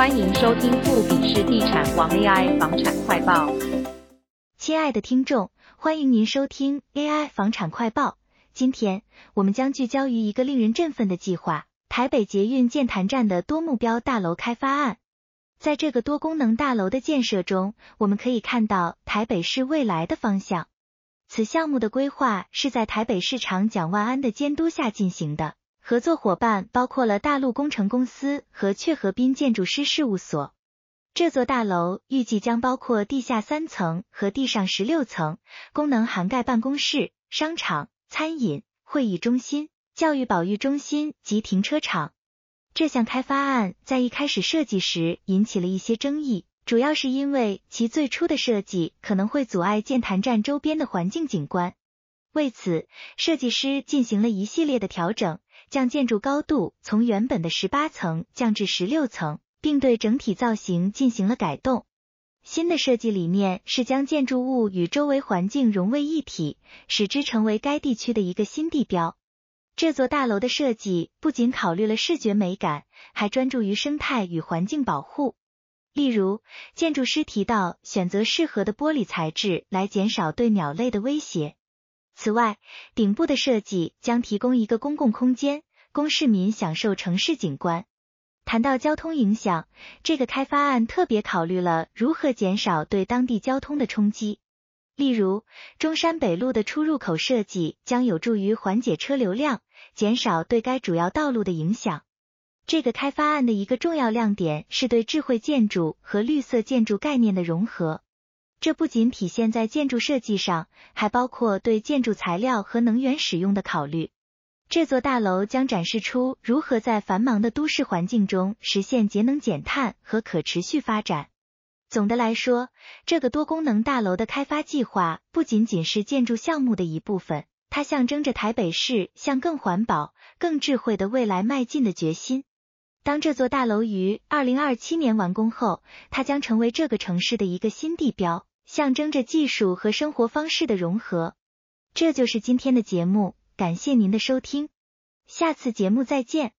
歡迎收聽富比士地產王 AI 房產快報。親愛的聽眾，歡迎您收聽 AI 房產快報。今天，我們將聚焦於一個令人振奮的計劃——台北捷運劍潭站的多目標大樓開發案。在這個多功能大樓的建設中，我們可以看到台北市未來的方向。此項目的規劃是在台北市長蔣萬安的監督下進行的。合作夥伴包括了大陸工程公司和雀河濱建築師事務所。這座大樓預計將包括地下三層和地上十六層，功能涵蓋辦公室、商場、餐飲、會議中心、教育保育中心及停車場。這項開發案在一開始設計時引起了一些爭議，主要是因為其最初的設計可能會阻礙劍潭站周邊的環境景觀。為此，設計師進行了一系列的調整。將建築高度從原本的十八層降至十六層，並對整體造型進行了改動。新的設計理念是將建築物與周圍環境融為一體，使之成為該地區的一個新地標。這座大樓的設計不僅考慮了視覺美感，還專注於生態與環境保護。例如，建築師提到選擇適合的玻璃材質來減少對鳥類的威脅。此外，頂部的設計將提供一個公共空間，供市民享受城市景觀。談到交通影響，這個開發案特別考慮了如何減少對當地交通的衝擊。例如，中山北路的出入口設計將有助於緩解車流量，減少對該主要道路的影響。這個開發案的一個重要亮點是對智慧建築和綠色建築概念的融合。這不僅體現在建築設計上，還包括對建築材料和能源使用的考慮。這座大樓將展示出如何在繁忙的都市環境中實現節能減碳和可持續發展。總的來說，這個多功能大樓的開發計劃不僅僅是建築項目的一部分，它象徵着台北市向更環保、更智慧的未來邁進的決心。當這座大樓於二零二七年完工後，它將成為這個城市的一個新地標。象徵着技術和生活方式的融合，這就是今天的節目。感謝您的收聽，下次節目再見。